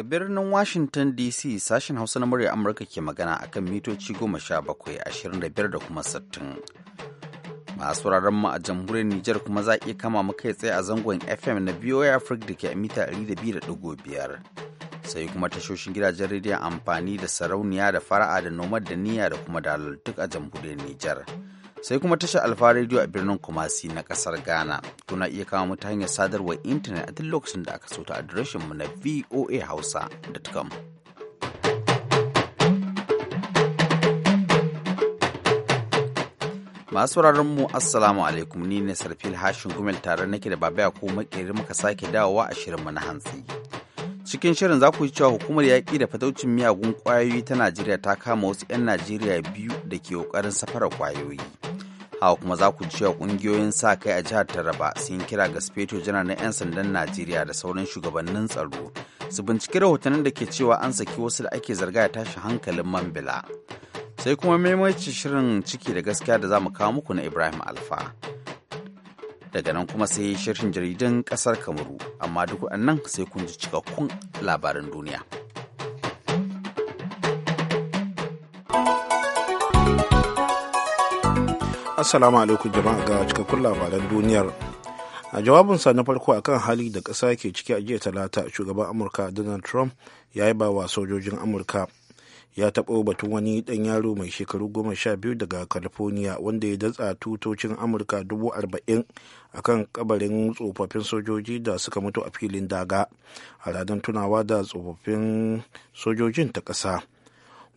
Daga birnin Washington DC sashen Hausa na murya Amurka ke magana a kan mitoci goma sha bakwai ashirin da kuma sittin. Masu wuraren mu a jamhuriyar Nijar kuma za iya kama mu kai tsaye a zangon FM na VOA Africa da ke a mita biyar. sai kuma tashoshin gidajen rediyon amfani da sarauniya da fara'a da nomad da niyya da kuma dalal duk a jamhuriyar Nijar. sai kuma tashar alfa rediyo a birnin kumasi na kasar ghana kuna iya kama mu hanyar sadarwar intanet a duk lokacin da aka so ta adireshin mu na voa hausa.com masu mu assalamu alaikum ni ne sarfil hashin gumel tare nake da babaya ko makeri muka sake dawowa a shirin mu na hantsi cikin shirin za ku ji cewa hukumar yaƙi da fataucin miyagun ƙwayoyi ta najeriya ta kama wasu 'yan najeriya biyu da ke ƙoƙarin safarar ƙwayoyi haka kuma za ku cewa kungiyoyin sa kai a jihar taraba sun kira ga speto janar na 'yan sandan najeriya da sauran shugabannin tsaro su binciki rahotannin da ke cewa an saki wasu da ake zarga ya tashi hankalin mambila sai kuma maimaici shirin ciki da gaskiya da za mu kawo muku na ibrahim alfa daga nan kuma sai shirin jaridan kasar kamaru amma duk nan sai kun ji cikakkun labaran duniya. assalamu alaikum jama'a ga cikakkun labaran duniyar a jawabin sa na farko akan hali da ƙasa ke ciki a jiya talata shugaban amurka donald trump ya yi bawa sojojin amurka ya taɓa batun wani ɗan yaro mai shekaru goma sha biyu daga california wanda ya datsa tutocin amurka dubu arba'in a kan kabarin tsofaffin sojoji da suka mutu a filin daga a ranar tunawa da tsofaffin sojojin ta ƙasa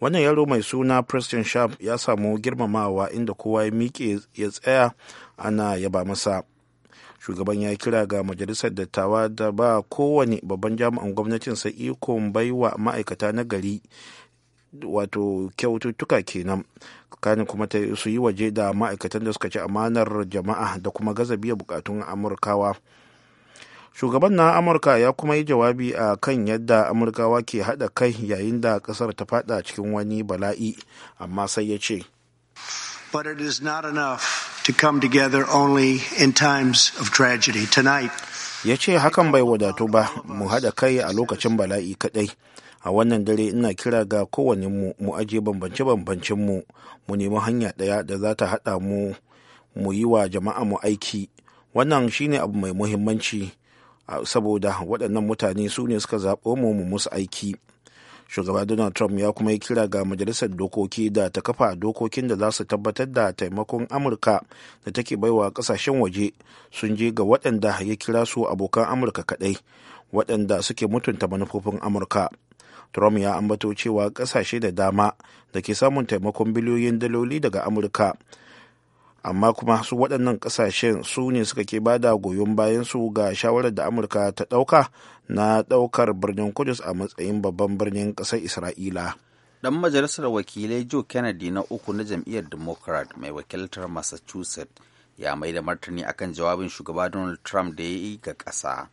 wannan yaro mai suna preston sharp ya samu girmamawa inda kowa ya miƙe ya tsaya ana yaba masa shugaban ya kira ga majalisar dattawa da ba kowane babban jami'an gwamnatin sa ikon baiwa ma'aikata na gari wato kyaututtuka kenan kanin kuma ta su yi waje da ma'aikatan da suka ci amanar jama'a da kuma gaza biya bukatun amurkawa shugaban na amurka ya kuma yi jawabi a kan yadda amurkawa ke haɗa kai yayin da ƙasar ta fada cikin wani bala'i amma sai ya ce but it is not enough only in times of tragedy tonight ya ce hakan bai wadatu ba mu haɗa kai a lokacin bala'i kaɗai a wannan dare ina kira ga kowane mu mu aje bambance bambancen mu mu nemi hanya ɗaya da za ta haɗa mu mu yi wa jama'a mu aiki wannan shine abu mai muhimmanci saboda waɗannan mutane su ne suka zaɓo mu mu musu aiki shugaba donald trump ya kuma yi kira ga majalisar dokoki da ta kafa dokokin da za su tabbatar da taimakon amurka da take baiwa kasashen waje sun je ga waɗanda ya kira su abokan amurka kaɗai waɗanda suke mutunta manufofin amurka trump ya ambato cewa ƙasashe da dama da ke samun taimakon biliyoyin daloli daga amurka amma kuma su waɗannan ƙasashen su ne suka ke da goyon bayan su ga shawarar da amurka ta ɗauka na ɗaukar birnin kudus a matsayin babban birnin ƙasar isra'ila ɗan majalisar wakilai joe kennedy na uku na jam'iyyar democrat mai wakiltar massachusetts ya mai da martani akan jawabin shugaba donald trump da ya yi ga ƙasa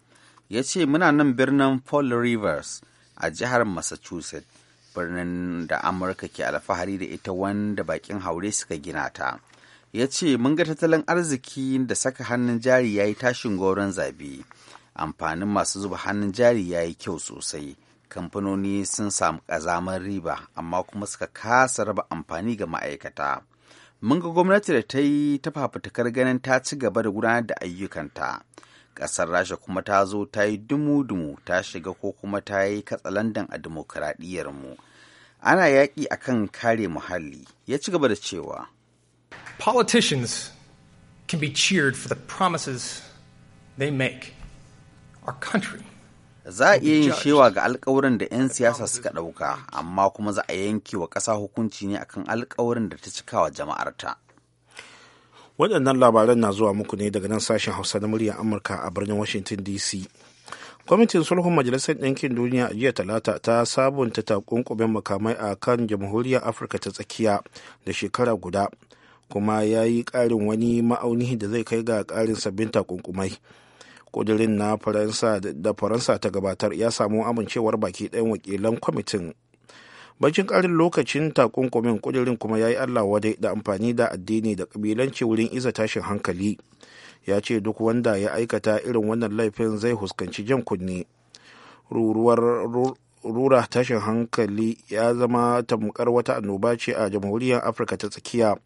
ya ce muna nan birnin paul rivers a jihar massachusetts birnin da amurka ke alfahari da ita wanda bakin haure suka gina ta ya ce mun ga tattalin arziki da saka hannun jari ya yi tashin goron zabe amfanin masu zuba hannun jari ya yi kyau sosai kamfanoni sun samu ƙazamar riba amma kuma suka kasa raba amfani ga ma'aikata mun ga gwamnati da ta yi ta fafutukar ganin ta ci gaba da gudanar da ayyukanta ƙasar rasha kuma ta zo ta yi dumu-dumu ta shiga ko kuma ta yi katsalandan a dimokuraɗiyyarmu ana yaƙi akan kare muhalli ya ci gaba da cewa Politicians can be cheered for the promises they make. Our country. Za a iya yin shewa ga alkawarin da 'yan siyasa suka ɗauka, amma kuma za a yanke wa ƙasa hukunci ne akan alkawarin da ta cikawa jama'arta. Waɗannan labaran na zuwa muku ne daga nan sashen Hausa na muryar Amurka a birnin Washington DC. Kwamitin sulhun Majalisar Ɗinkin Duniya a jiya Talata ta sabunta takunkumin makamai a kan Jamhuriyar Afirka ta Tsakiya da shekara guda. kuma ya yi ƙarin wani ma'auni da zai kai ga ƙarin sabbin takunkumai ƙudurin na faransa da faransa ta gabatar ya samu amincewar baki ɗayan wakilan kwamitin bakin ƙarin lokacin takunkumin ƙudurin kuma ya yi allah wadai da amfani da addini da ƙabilanci wurin iza tashin hankali ya ce duk wanda ya aikata irin wannan laifin zai huskanci jan kunne rura tashin hankali ya zama tamkar wata annoba ce a jamhuriyar afirka ta tsakiya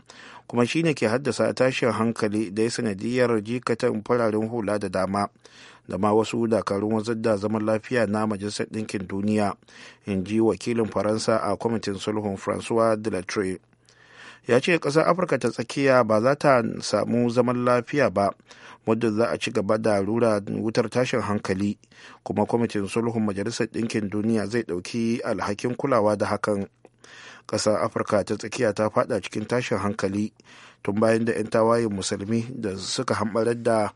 kuma shine ke haddasa tashin hankali da ya sanadiyar jikatan fararen hula da dama da ma wasu dakarun wanzar da zaman lafiya na majalisar ɗinkin duniya in ji wakilin faransa a kwamitin sulhun francois de ya ce ƙasar afirka ta tsakiya ba za ta samu zaman lafiya ba wadda za a ci gaba da rura wutar tashin hankali kuma kwamitin sulhun majalisar ɗinkin duniya zai ɗauki alhakin kulawa da hakan ƙasar afirka ta tsakiya ta fada cikin tashin hankali tun bayan da 'yan tawayen musulmi da suka hambarar da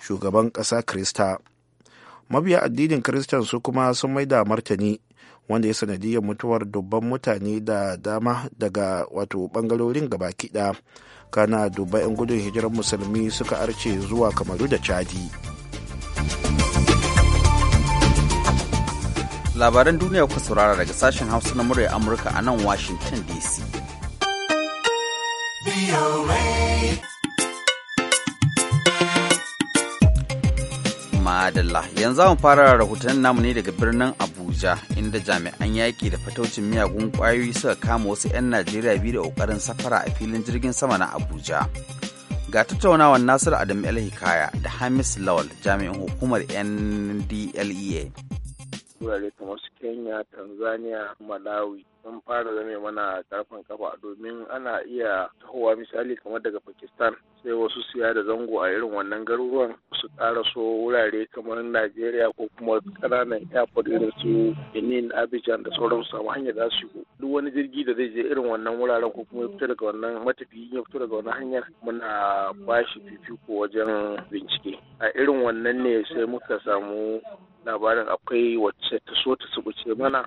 shugaban ƙasa krista mabiya addinin kristan su kuma sun maida martani wanda ya sanadiyar mutuwar dubban mutane da dama daga wato bangarorin gaba kiɗa kana dubban 'yan gudun hijirar musulmi suka arce zuwa kamaru da chadi labaran duniya kuka saurara daga sashen hausa na murya amurka a nan washington dc madalla yanzu mu fara rahoton namu ne daga birnin abuja inda jami'an yaƙi da fataucin miyagun ƙwayoyi suka kama wasu 'yan najeriya biyu da ƙoƙarin safara a filin jirgin sama na abuja ga tattaunawar nasiru Adamu el da hamis lawal jami'in hukumar ndlea wurare kamar su kenya tanzania malawi sun fara zame mana karfin kafa domin ana iya tahowa misali kamar daga pakistan sai wasu siya da zango a irin wannan garuruwan su so wurare kamar najeriya ko kuma ƙananan airport irin su benin abidjan da sauran su samu hanyar za su duk wani jirgi da zai je irin wannan wuraren ko kuma ya fito daga wannan matafiyi ya fito daga wannan hanyar muna ba shi fifiko wajen bincike a irin wannan ne sai muka samu labarin akwai wacce ta so ta subuce mana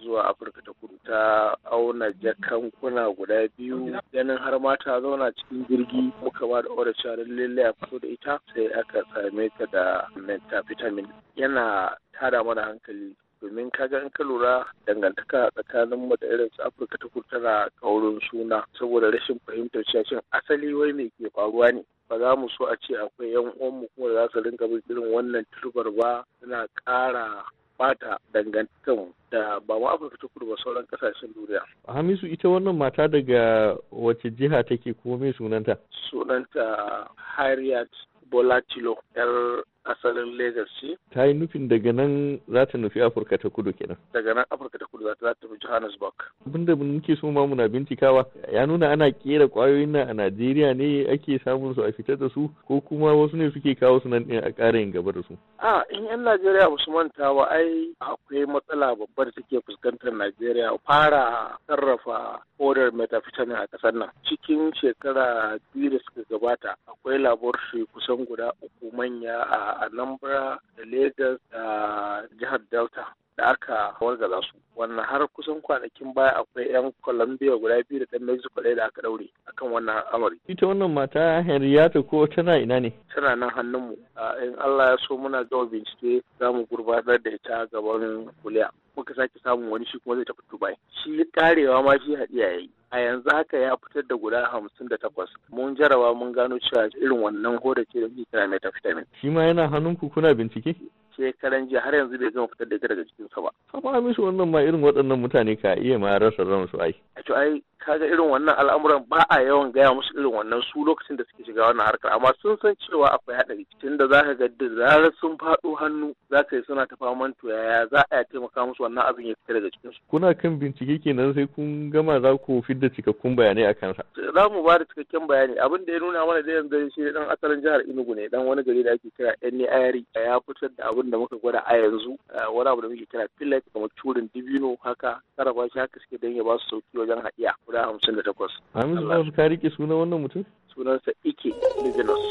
zuwa afirka ta kudu ta ta auna jakan kuna guda biyu ganin har ma ta zauna cikin jirgi muka ba da order cewa lalle a fito da ita sai aka same ta da metafitamin yana tada mana hankali domin kaga in ka lura dangantaka tsakanin mu da irin su afirka ta kudu kaurin suna saboda rashin fahimtar cikin asali wai me ke faruwa ne ba za mu so a ce akwai yan uwanmu kuma za su rinka bin irin wannan turbar ba suna ƙara bata dangantakan da ba ma afirka ta kudu ba sauran kasashen duniya. hamisu ita wannan mata daga wace jiha take kuma mai sunanta sunanta harriet bolatilo yar asalin Legas ce. Ta yi nufin daga nan za ta nufi Afirka ta kudu kenan. Daga nan Afirka ta kudu za ta tafi Johannesburg. Abin da muke so ma muna bincikawa ya nuna ana kera kwayoyin nan a Najeriya ne ake samun su a fita da su ko kuma wasu ne suke kawo su nan ɗin a ƙara yin gaba da su. A in yan Najeriya ba su manta ba ai akwai matsala babba da take fuskantar Najeriya fara sarrafa odar metafitamin a ƙasar nan. Cikin shekara biyu da suka gabata akwai laboratory kusan guda uku manya a anambra da lagos da jihar delta da aka wargaza su wannan har kusan kwanakin baya akwai yan colombia guda biyu da ɗan mexico ɗaya da aka ɗaure akan wannan al'amari ita wannan mata henrietta ko tana ina ne tana nan hannunmu in allah ya so muna gama bincike za mu gurbatar da ita gaban kuliya muka sake samun wani shi kuma zai tafi dubai shi karewa ma shi ya yi. a yanzu haka ya fitar da guda hamsin da takwas mun jarawa mun gano cewa irin wannan hoda ce da kira metafitamin shi ma yana hannunku kuna bincike shekaran jiya har yanzu bai gama fitar da ita daga cikinsa ba amma mishi wannan ma irin waɗannan mutane ka iya ma rasa ransu ai to ai kaga irin wannan al'amuran ba a yawan gaya musu irin wannan su lokacin da suke shiga wannan harkar amma sun san cewa akwai haɗari tun da zaka ga da zarar sun faɗo hannu za ka yi suna ta faman to yaya za a taimaka musu wannan abin ya fita daga cikin su kuna kan bincike kenan sai kun gama za ku fidda cikakkun bayanai a kansa za mu ba da cikakken bayani abin da ya nuna mana da yanzu shi dan asalin jihar Enugu ne dan wani gari da ake kira Enniari ya fitar da abin da muka gwada a yanzu wani abu da muke kira pillet kamar curin dibino haka sarrafa shi haka suke dan ya ba su sauki wajen haɗiya guda hamsin da takwas. Hamisu Babu kari ke sunan wannan mutum? Sunansa Ike Lizinus.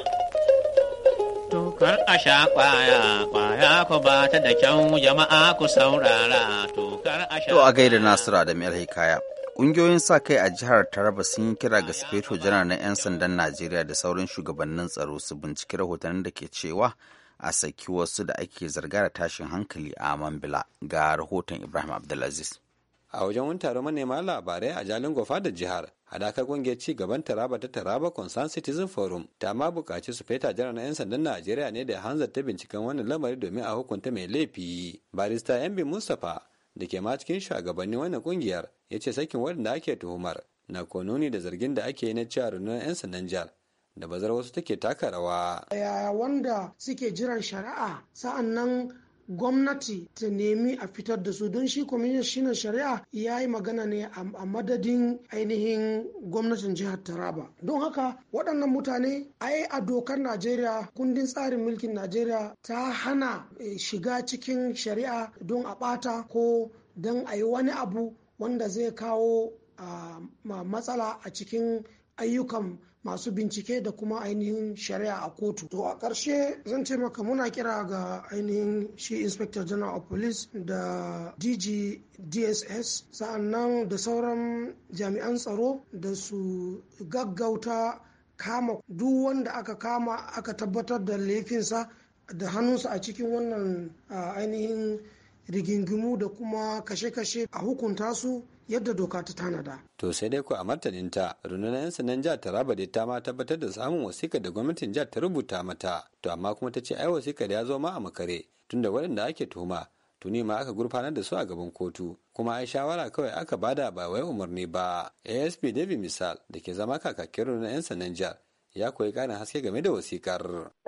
a sha kwaya, kwaya ku ba ta da kyau jama'a ku saurara to a sha. To a gaida Nasira da Mel Hikaya. Ƙungiyoyin sa kai a jihar Taraba sun yi kira ga Sufeto Janar na 'yan sandan Najeriya da sauran shugabannin tsaro su binciki rahoton da ke cewa a saki wasu da ake zarga da tashin hankali a Mambila ga rahoton Ibrahim Abdulaziz. a wajen wani taron manema labarai a jalin gofa da jihar hadakar kungiyar ci gaban taraba ta taraba concern citizen forum ta ma bukaci su feta jiran na 'yan sandan najeriya ne da hanzarta binciken wannan lamari domin a hukunta mai laifi barista yambi mustapha da ke ma cikin shugabannin wannan kungiyar ya ce sakin waɗanda ake tuhumar na kononi da zargin da ake yi na cewa rundunar 'yan sandan jihar da bazar wasu take taka rawa. Yaya wanda suke jiran shari'a sa'an gwamnati ta nemi a fitar da su don shi kwamishinan shari'a ya yi magana ne a madadin ainihin gwamnatin jihar taraba don haka waɗannan mutane ai a dokar najeriya kundin tsarin mulkin najeriya ta hana eh, shiga cikin shari'a don a ɓata ko don a yi wani abu wanda zai kawo ah, matsala a cikin ayyukan masu bincike da kuma ainihin shari'a a kotu to a ƙarshe zan ce maka muna kira ga ainihin shi inspector general of police da dg dss sa'annan da sauran jami'an tsaro da su gaggauta kama duk wanda aka kama aka tabbatar da laifinsa da hannunsa a cikin wannan ainihin rigingimu da kuma kashe-kashe a hukunta su yadda doka ta tanada. To sai dai ku a martaninta rundunar 'yan sanan jihar Taraba da ta ma tabbatar da samun wasikar da gwamnatin jihar ta rubuta mata. To amma kuma ta ce ai wasikar ya zo ma a makare tunda waɗanda ake tuhuma tuni ma aka gurfanar da su a gaban kotu kuma ai shawara kawai aka bada ba wai umarni ba asp david misal da ke zama kakakin rundunar 'yan sanan jihar ya koyi gane haske game da wasikar.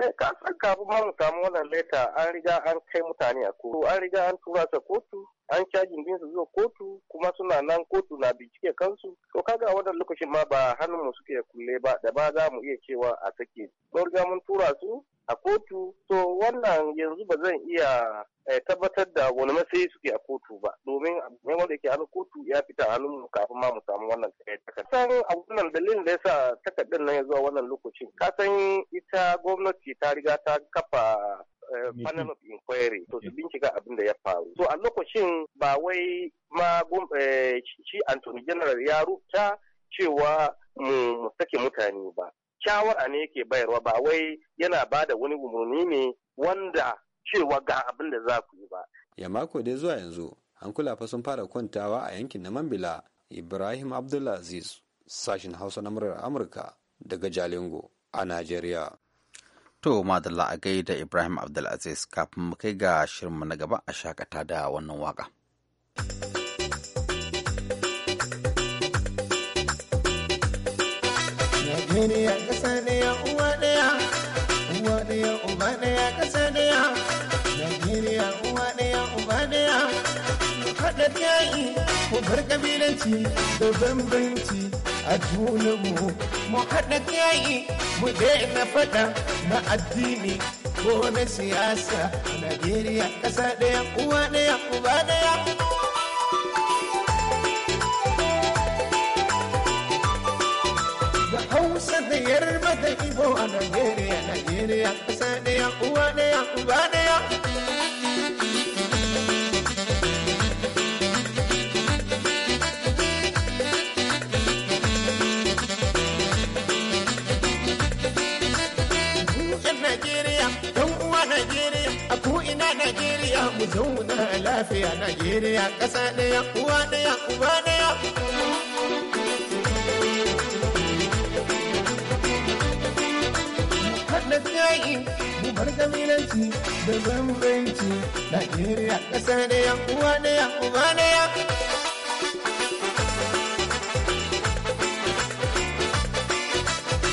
Eh, ka kafin ma mu samu wannan leta an riga an kai mutane a kotu an riga an tura su kotu an cajin din su zuwa kotu kuma suna nan kotu na bincike kansu to kaga a wannan lokacin ma ba hannun mu suke kulle ba da ba za mu iya cewa a sake riga mun tura su a kotu to wannan yanzu ba zan iya eh, tabbatar da wani matsayi suke a kotu ba domin abin wanda yake hannun kotu ya fita hannun mu kafin ma mu samu wannan takardar san a wannan dalilin da yasa takardar nan ya zuwa wannan lokacin ka san ita gwamnati ta riga ta kafa eh, panel of inquiry to su bincika abin da ya faru to a lokacin ba wai ma eh, shi Anthony General ya rubuta cewa mu sake mutane ba shawara ne ke bayarwa ba wai yana ba da wani umarni ne wanda cewa ga abin da za ku yi ba. Ya mako dai zuwa yanzu hankula fa sun fara kwantawa a yankin na Mambila Ibrahim Abdulaziz sashen Hausa na murar Amurka daga Jalingo a Najeriya. To madalla a gaida Ibrahim Abdulaziz kafin mu kai ga shirinmu na gaba a shakata da wannan waka. Najeriya ƙasa ɗaya uwa ɗaya, uwa Najeriya uwa haɗa yayi mu bar ƙabilanci da bambanci a junanmu. Mu haɗa yayi mu daina faɗa na addini ko na siyasa. Najeriya ƙasa ɗaya uwa uba ɗaya. nigeria da Ibo a Najeriya, Najeriya ƙasa ɗaya, uwa ɗaya, uba ɗaya. Najeriya mu zauna lafiya Najeriya ƙasa ɗaya uwa ɗaya uba ɗaya. yaƙi mu bar kabilanci da bambanci Najeriya ƙasa ɗaya uwa ɗaya uba ɗaya.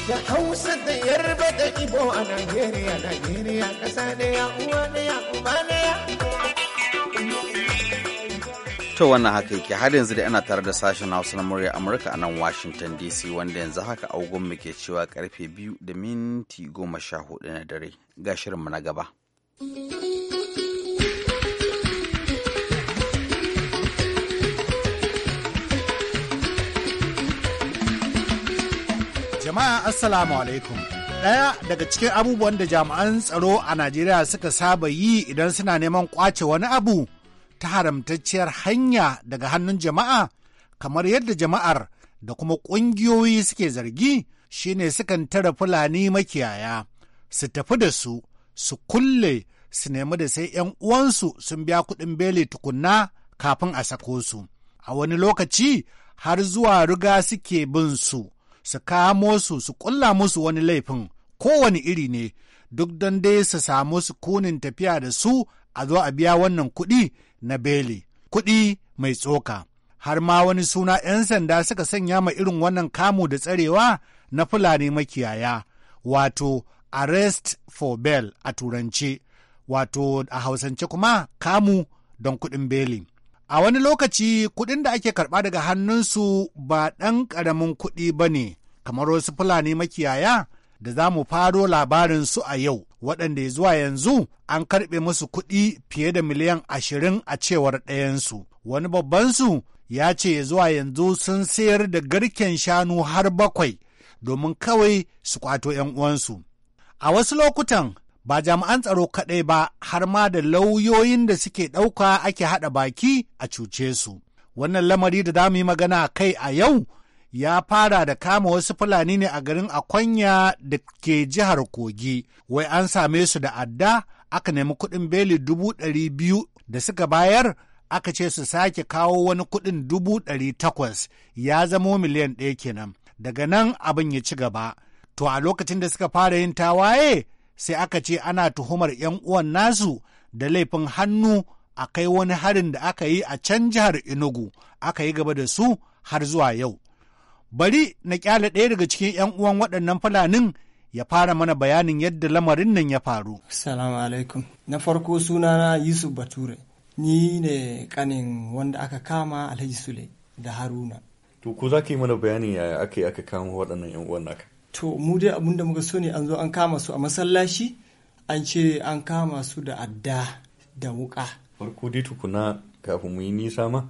Da Hausa da Yarba da Ibo a Najeriya, Najeriya ƙasa uwa uba To wannan haka yake har yanzu da ana tare da sashen Hausa na murya Amurka a nan Washington DC wanda yanzu haka mu ke cewa karfe biyu da minti goma sha hudu na dare ga mu na gaba. Jama'a Assalamu alaikum. Ɗaya daga cikin abubuwan da jami'an tsaro a Najeriya suka saba yi idan suna neman kwace wani abu ta haramtacciyar hanya daga hannun jama'a kamar yadda jama'ar da kuma ƙungiyoyi suke zargi shine sukan tara fulani makiyaya su tafi da su su kulle su nemi da sai 'yan uwansu sun biya kuɗin beli tukunna kafin a sako su a wani lokaci har zuwa riga suke bin su su kamo su su ƙulla musu wani laifin kowane iri ne duk don dai su samu su sukunin tafiya da su a zo a biya wannan kuɗi na beli kuɗi mai tsoka har ma wani suna 'yan sanda suka sanya ma irin wannan kamu da tsarewa na fulani makiyaya wato arrest for bail a turance wato a hausance kuma kamu don kuɗin beli a wani lokaci kuɗin da ake karɓa daga hannunsu ba ɗan ƙaramin kuɗi ba ne kamar wasu fulani makiyaya da za mu faro labarin su a yau waɗanda zuwa yanzu an karɓe musu kuɗi fiye da miliyan ashirin a cewar ɗayansu wani babban su ya ce zuwa yanzu sun sayar da garken shanu har bakwai domin kawai su kwato 'yan uwansu a wasu lokutan ba jami'an tsaro kaɗai ba har ma da lauyoyin da suke ɗauka ake haɗa baki a cuce su wannan lamari da damu yi magana kai a yau ya fara da kama wasu Fulani ne a garin Akonya da ke jihar Kogi, wai an same su da adda aka nemi kuɗin beli dubu ɗari biyu da suka bayar aka ce su sake kawo wani kuɗin dubu ɗari takwas ya zamo miliyan ɗaya kenan. Daga nan abin ya ci gaba. To a lokacin da suka fara yin tawaye sai aka ce ana tuhumar 'yan uwan nasu da laifin hannu a kai wani harin da aka yi a can jihar Enugu aka yi gaba da su har zuwa yau. bari na kyale ɗaya daga cikin 'yan uwan waɗannan fulanin ya fara mana bayanin yadda lamarin nan ya faru. Assalamu alaikum. Na farko sunana Yusuf Bature. Ni ne kanin wanda aka kama Alhaji Sule da Haruna. To ko za ka yi mana bayanin yaya aka aka kama waɗannan 'yan uwan naka? To mu dai abin da muka so ne an zo an kama su a masallaci an ce an kama su da adda da wuƙa. Farko dai tukuna kafin mu yi nisa ma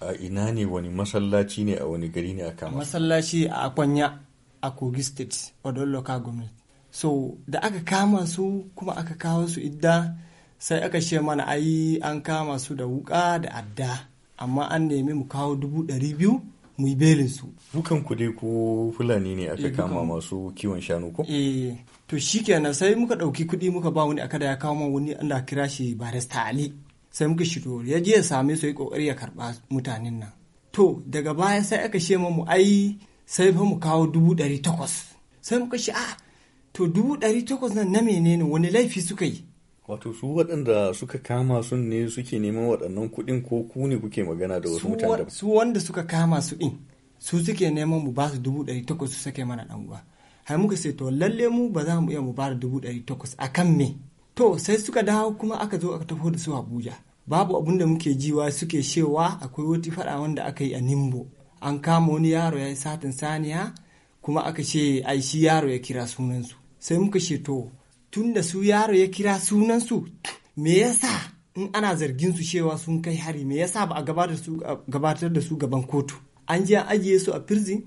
a ina ne wani masallaci ne a wani gari ne a kama masallaci a akwanya a kogi state odon local government so da aka kama su kuma aka kawo su idda sai aka ce mana ayi an kama su da wuka da adda amma an nemi mu kawo dubu ɗari biyu mu yi belin su dukan ku dai ko fulani ne aka eh, kama masu kiwon shanu ko eh to shikenan sai muka ɗauki kuɗi muka ba wani da ya kawo mana wani Allah kira shi barista ali sai muka shigo ya je ya same su ya kokari ya karba mutanen nan to daga baya sai aka ce mu ai sai fa mu kawo dubu ɗari takwas sai muka ce a to dubu ɗari takwas nan na menene wani laifi suka yi wato su waɗanda suka kama sun ne suke neman waɗannan kuɗin ko ku ne kuke magana da wasu mutane su wanda suka kama su ɗin su suke neman mu ba su dubu ɗari takwas su sake mana ɗan uwa har muka sai to lalle mu ba za mu iya mu ba da dubu ɗari takwas a kan me to sai suka dawo kuma aka zo aka taho da su abuja babu abun da muke jiwa suke cewa akwai wata fada wanda aka yi a nimbo an kama wani yaro ya yi satin saniya kuma aka ce ai shi yaro ya kira sunansu sai muka ce to tun da su yaro ya kira sunansu me yasa in ana zargin su cewa sun kai hari me yasa ba a gabatar da su gaban kotu an je an ajiye su a firzin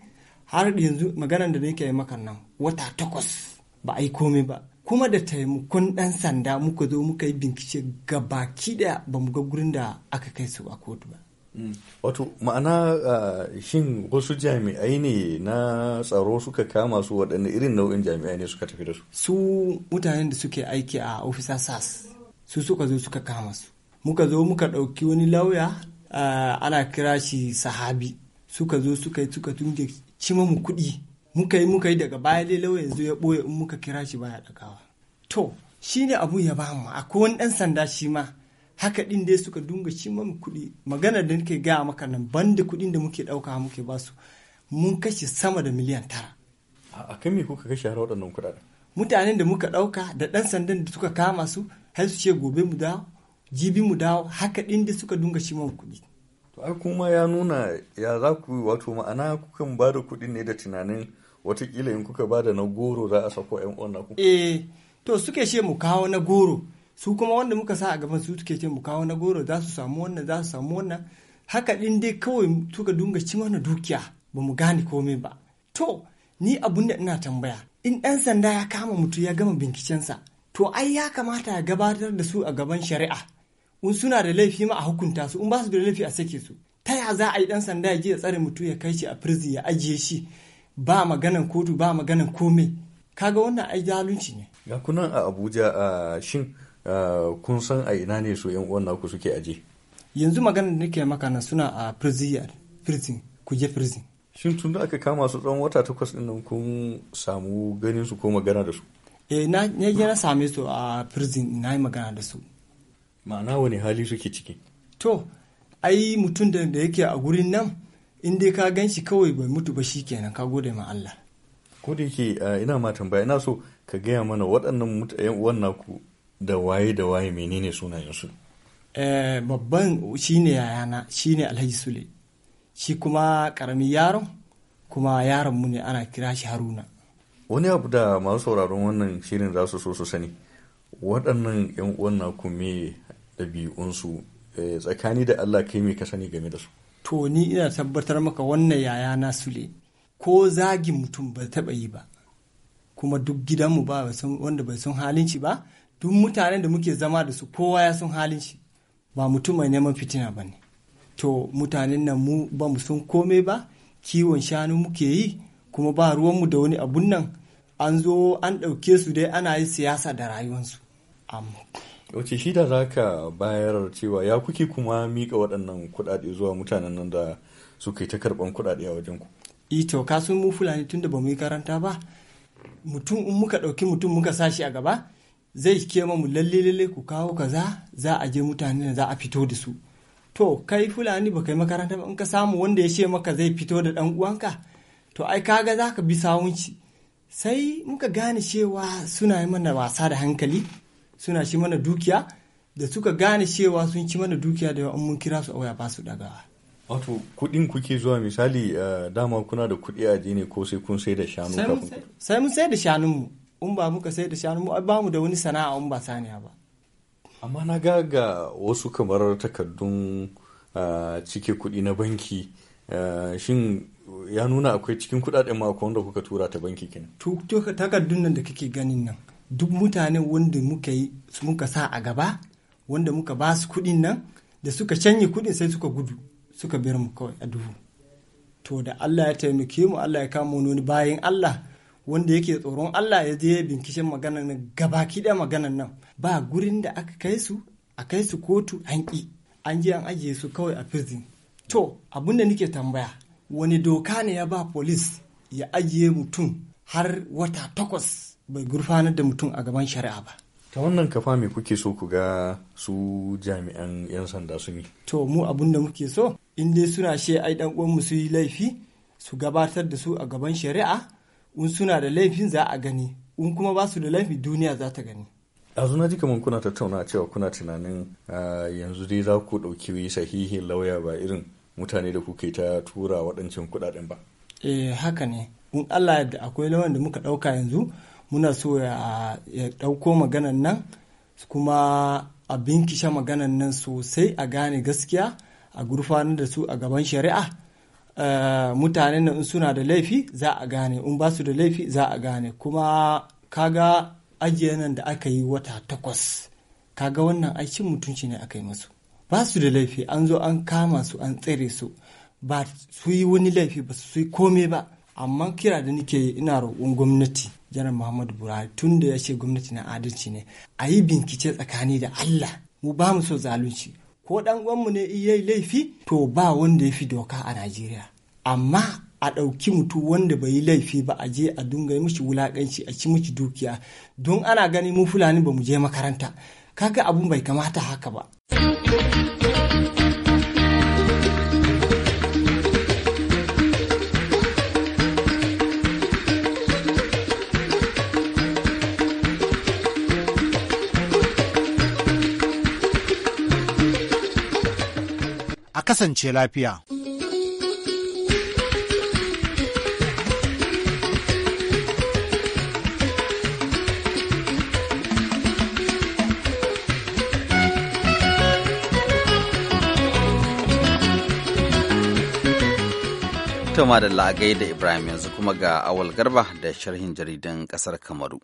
har yanzu maganar da nake yi maka nan wata takwas ba a yi komai ba kuma da taimakon ɗan sanda muka zo muka yi bincike baki da ba mu ga gurin da aka kai su a kotu ba. Mm. Wato ma'ana shin wasu jami'ai ne na tsaro suka kama su waɗanne irin nau'in jami'ai ne suka tafi da su? Su mutanen da suke aiki a ofisa SAS su suka zo suka kama su. Muka zo muka ɗauki wani lauya ana kira shi sahabi suka zo suka yi suka tunge cima mu kuɗi muka yi muka yi daga baya lauyan yanzu ya ɓoye in muka kira shi baya ɗagawa to shi ne abu ya mu akwai wani ɗan sanda shi ma haka ɗin dai suka dunga shi mu kuɗi maganar da nake gaya maka nan banda kuɗin da muke ɗauka muke basu mun kashe sama da miliyan tara a kan me kuka kashe har waɗannan kuɗaɗen mutanen da muka ɗauka da ɗan sandan da suka kama su har su ce gobe mu dawo jibi mu dawo haka ɗin dai suka dunga shi mu kuɗi to ai kuma ya nuna ya za ku wato ma'ana kukan ba da kuɗi ne da tunanin watakila in kuka bada na goro za a sako yan uwan naku eh to suke ce mu kawo na goro su kuma wanda muka sa a gaban su suke ce mu kawo na goro za su samu wannan za su samu wannan haka din dai kawai suka dunga ci mana dukiya ba mu gane komai ba to ni abun da ina tambaya in ɗan sanda ya kama mutu ya gama binkicensa to ai ya kamata ya gabatar da su a gaban shari'a in suna da laifi ma a hukunta su in ba su da laifi a sake su ta ya za a yi ɗan sanda ya je ya tsare mutum ya kai shi a firzi ya ajiye shi ba maganan kotu ba maganan komai kaga wannan ai zalunci ne ga kunan a abuja a shin kun san a ina ne su yan uwan naku suke aje yanzu maganar da nake maka na suna a prison ku je prison shin tun da aka kama su tsawon wata takwas din nan kun samu ganin su ko magana da su eh na je na same su a prison ina yi magana da su ma'ana wani hali suke ciki to ai mutum da yake a gurin nan in dai ka gan shi kawai bai mutu ba shi kenan ka gode ma Allah ko da yake eh, ina ma tambaya ina so ka gaya mana waɗannan yan eh, uwan naku da waye da waye menene sunayensu eh babban shine yayana shine Alhaji Sule shi kuma karamin yaron kuma yaron mu ne ana kira shi Haruna wani abu da masu sauraron wannan shirin za su so su sani waɗannan yan uwan naku me ɗabi'unsu eh, tsakani da Allah kai me ka sani game da su to ni ina tabbatar maka wannan yaya na sule ko zagin mutum ba taɓa yi ba kuma duk gidanmu ba wanda bai sun halin ba duk mutanen da muke zama da su kowa ya sun halinci ba mutum mai neman fitina ba ne to mutanen nan mu ba mu sun komai ba kiwon shanu muke yi kuma ba ruwanmu da wani abun nan an zo an ɗauke su dai ana yi siyasa da rayuwansu amma wace shida za ka bayar cewa ya kuke kuma mika waɗannan kuɗaɗe zuwa mutanen nan da suka yi ta karɓan kuɗaɗe a wajen ku ito e, ka sun mu fulani tunda ba mu yi karanta ba mutum in muka ɗauki mutum muka sashi a gaba zai kema mu lalle lalle ku kawo kaza za a je mutane za a fito da su to kai fulani ba kai makaranta ba in ka samu wanda ya ce maka zai fito da ɗan uwanka to ai kaga za ka bi sawunci sai muka gane cewa suna yi mana wasa da hankali suna shi mana dukiya da suka gane cewa sun ci mana dukiya da yawa mun kira su a waya ba su dagawa wato kuɗin kuke zuwa misali eh, dama kuna da kuɗi a ne ko sai kun sai da shanu sai mun sai da mu in ba muka sai da shanun ai ba mu da wani sana'a in ba saniya ba amma na ga ga wasu kamar takardun eh, cike kuɗi na banki eh, shin ya nuna akwai cikin kudaden ma wanda kuka tura ta banki kenan takardun nan da kake ganin nan duk mutane wanda muka yi muka sa a gaba wanda muka ba su kudin nan da suka canye kuɗin sai suka gudu suka biyar mu kawai a duhu to da Allah ya taimake mu Allah ya kama wani bayan Allah wanda yake tsoron Allah ya je binkishin maganar nan gaba kiɗa maganar nan ba gurin da aka kai su a kai su kotu an ƙi an je an ajiye su kawai a prison to abin da nake tambaya wani doka ne ya ba police ya ajiye mutum har wata takwas bai gurfanar da mutum a gaban shari'a ba ta wannan kafa me kuke so ku ga su jami'an 'yan sanda sun yi to mu abun da muke so in dai suna she ai dan uwan su yi laifi su gabatar da su a gaban shari'a in suna da laifin za a gani in kuma ba su da laifi duniya za ta gani yanzu na ji kamar kuna tattauna cewa kuna tunanin yanzu dai za ku ɗauki sahihin lauya ba irin mutane da kuke ta tura waɗancan kuɗaɗen ba eh haka ne in allah yadda akwai lawan da muka ɗauka yanzu muna so ya ɗauko maganan nan kuma a binkisha maganan nan sosai a gane gaskiya a gurfanar da su a gaban shari'a eh, mutanen nan suna da laifi za a gane in ba su da laifi za a gane kuma kaga ajiye nan da aka yi wata takwas kaga wannan aikin mutunci ne aka yi masu ba su da laifi an zo an kama su an tsere su ba su yi wani laifi ba su yi komai ba amma kira da nake ina roƙon gwamnati janar muhammadu buhari tun da ya ce gwamnati na adalci ne a yi bincike tsakani da allah mu ba mu so zalunci ko dan uwanmu ne iya laifi to ba wanda ya fi doka a najeriya amma a ɗauki mutu wanda bai yi laifi ba a je a dunga mishi wulaƙanci a ci mishi dukiya don ana gani mu fulani ba mu je makaranta kaga abun bai kamata haka ba. kasance lafiya. Toma da lagai da Ibrahim yanzu kuma ga awal garba da sharhin jaridan ƙasar Kamaru.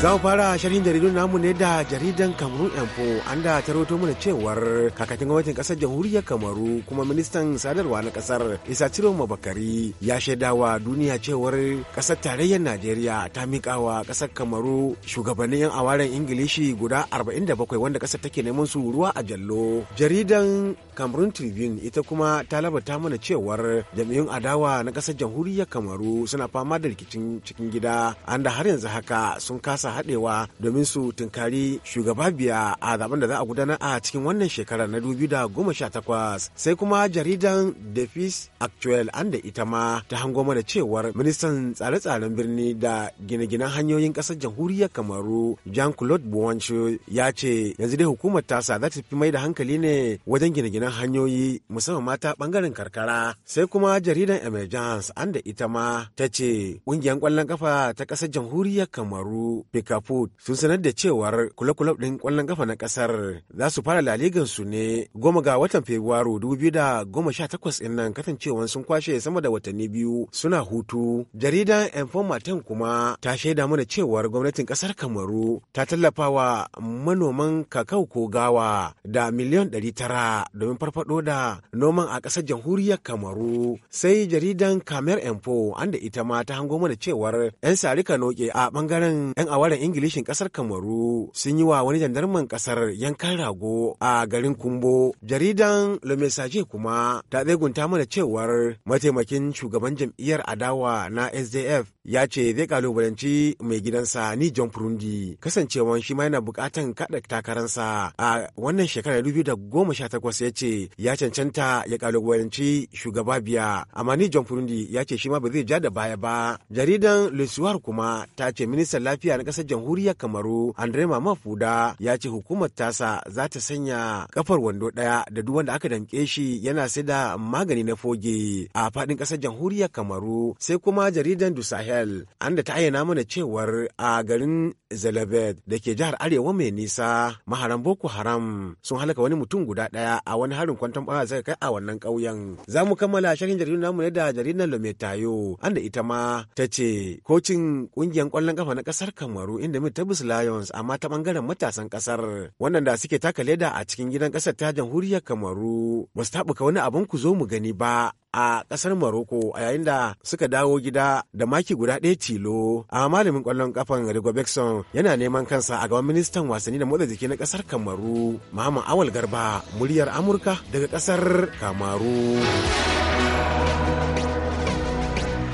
Za mu fara shirin jaridun namu ne da jaridan Cameroon Info an da ta rawaito mana cewar kakakin gwamnatin kasar jamhuriyar Kamaru kuma ministan sadarwa na kasar Isa Ciro Mabakari ya shaidawa duniya cewar kasar tarayyar Najeriya ta miƙawa kasar Kamaru shugabannin yan awaren Ingilishi guda 47 wanda kasar take neman su ruwa a jallo. Jaridan Cameroon Tribune ita kuma ta labata mana cewar jam'iyyun adawa na ƙasar jamhuriyar Kamaru suna fama da rikicin cikin gida an da har yanzu haka sun kasa haɗewa domin su tunkari shugaba biya a zaben da za a gudanar a cikin wannan shekarar na goma sha 2018 sai kuma jaridan Defis Actuel an da ita ma ta hango mana cewar ministan tsare-tsaren birni da gine-ginen hanyoyin ƙasar jamhuriyar Kamaru Jean-Claude Bouanche ya ce yanzu dai hukumar tasa za ta fi mai da hankali ne wajen gine-ginen manyan hanyoyi musamman mata bangaren karkara sai kuma jaridar emergence an da ita ma ta ce ƙungiyar ƙwallon ƙafa ta ƙasar jamhuriyar kamaru pikafut sun sanar da cewar kula-kula ɗin ƙwallon kafa na ƙasar za su fara laligan su ne goma ga watan fabrairu dubu biyu da goma sha takwas ɗin nan kasancewan sun kwashe sama da watanni biyu suna hutu jaridan informatin kuma ta shaida mana cewar gwamnatin ƙasar kamaru ta tallafa wa manoman kakau ko gawa da miliyan ɗari tara domin domin farfado da noman a ƙasar jamhuriyar kamaru sai jaridan kamer an da ita ma ta hango mana cewar 'yan sarika noke a bangaren 'yan awaren ingilishin ƙasar kamaru sun yi wa wani jandarman ƙasar yankan rago a garin kumbo jaridan lomesaje kuma ta tsegunta mana cewar mataimakin shugaban jam'iyyar adawa na sdf ya ce zai kalubalanci mai gidansa ni john purundi kasancewan shi ma yana bukatan kada takararsa a wannan shekarar 2018 ya ce ce ya cancanta ya kalubalanci shugaba biya amma ni john furundi ya ce shi ma ba zai ja da baya ba jaridan lesuwar kuma ta ce ministan lafiya na kasar jamhuriyar kamaru andre mama fuda ya ce hukumar tasa za ta sanya kafar wando daya da duk wanda aka damke shi yana sai da magani na foge a faɗin ƙasar jamhuriyar kamaru sai kuma jaridan du sahel an da ta ayyana mana cewar a garin zelebed da ke jihar arewa mai nisa maharan boko haram sun halaka wani mutum guda ɗaya a wani harin kwanton baya zai kai a wannan ƙauyen za mu kammala shirin jaridun namu ne da jaridar tayo. anda ita ma ta ce kocin ƙungiyar ƙwallon ƙafa na ƙasar kamaru inda ta mitabus lions amma ta ɓangaren matasan ƙasar, wannan da suke taka leda a cikin gidan ƙasar ta jamhuriyar kamaru ba su taɓuka wani abin ku zo mu gani ba a ƙasar Maroko, a yayin da suka dawo gida da maki guda ɗaya tilo. A malamin ƙwallon ƙafan Rigo Bekson yana neman kansa a gaban ministan wasanni da motsa jiki na ƙasar Kamaru Muhammad Awal Garba muryar Amurka daga ƙasar Kamaru.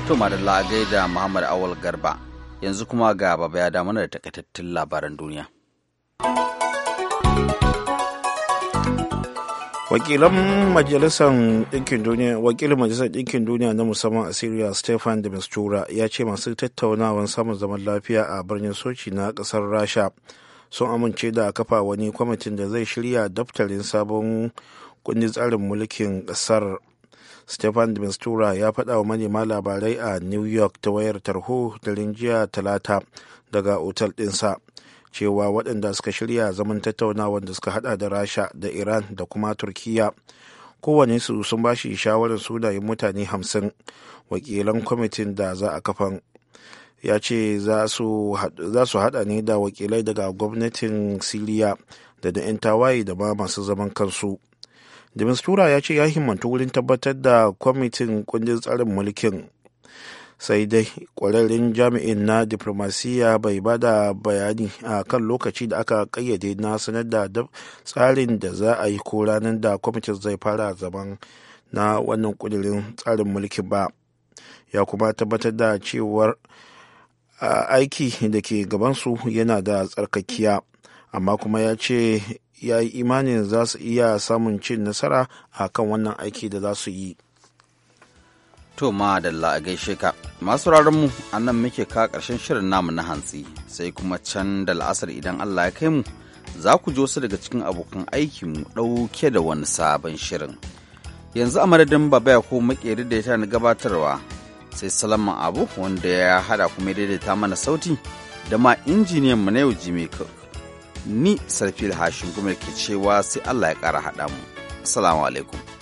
To Madalla da Muhammad Awal Garba yanzu kuma ga baba ya damuna da takaitattun labaran duniya. wakilan majalisar ɗinkin duniya wakilin majalisar ɗinkin duniya na musamman a syria stefan de mistura ya ce masu tattaunawan samun zaman lafiya a birnin sochi na ƙasar rasha sun amince da kafa wani kwamitin da zai shirya daftarin sabon kundin tsarin mulkin ƙasar stefan de mistura ya faɗa wa manema labarai a new york ta wayar tarho da jiya talata daga otal ɗinsa cewa waɗanda suka shirya zaman tattaunawar da suka hada da rasha da iran da kuma turkiya kowane su sun ba shi shawarar sunayen mutane hamsin wakilan kwamitin da za a kafan ya ce za su hada ne da wakilai daga gwamnatin siriya da da 'yan tawaye da ba masu zaman kansu da ya ce ya himmantu wurin tabbatar da kwamitin kundin tsarin mulkin sai dai kwararren jami'in na diplomasiya bai bada bayani a kan lokaci da aka kayyade na sanar da tsarin da za a yi ko ranar da kwamitin zai fara zaman na wannan kudirin tsarin mulki ba ya kuma tabbatar da cewar aiki da ke gabansu yana da tsarkakiya amma kuma ya ce ya yi imanin za su iya samun cin nasara a kan wannan aiki da za su yi To ma da a gaishe ka. Masu mu a nan muke ka ƙarshen shirin namu na hantsi sai kuma can da la'asar idan Allah ya kai mu za ku ji wasu daga cikin abokan mu ɗauke da wani sabon shirin. Yanzu a madadin baba ya ko makeri da ya na gabatarwa sai salaman abu wanda ya haɗa kuma daidaita mana sauti da ma injiniyan mu na yau jimi Ni Sarfil Hashim kuma ke cewa sai Allah ya ƙara haɗa mu. Assalamu alaikum.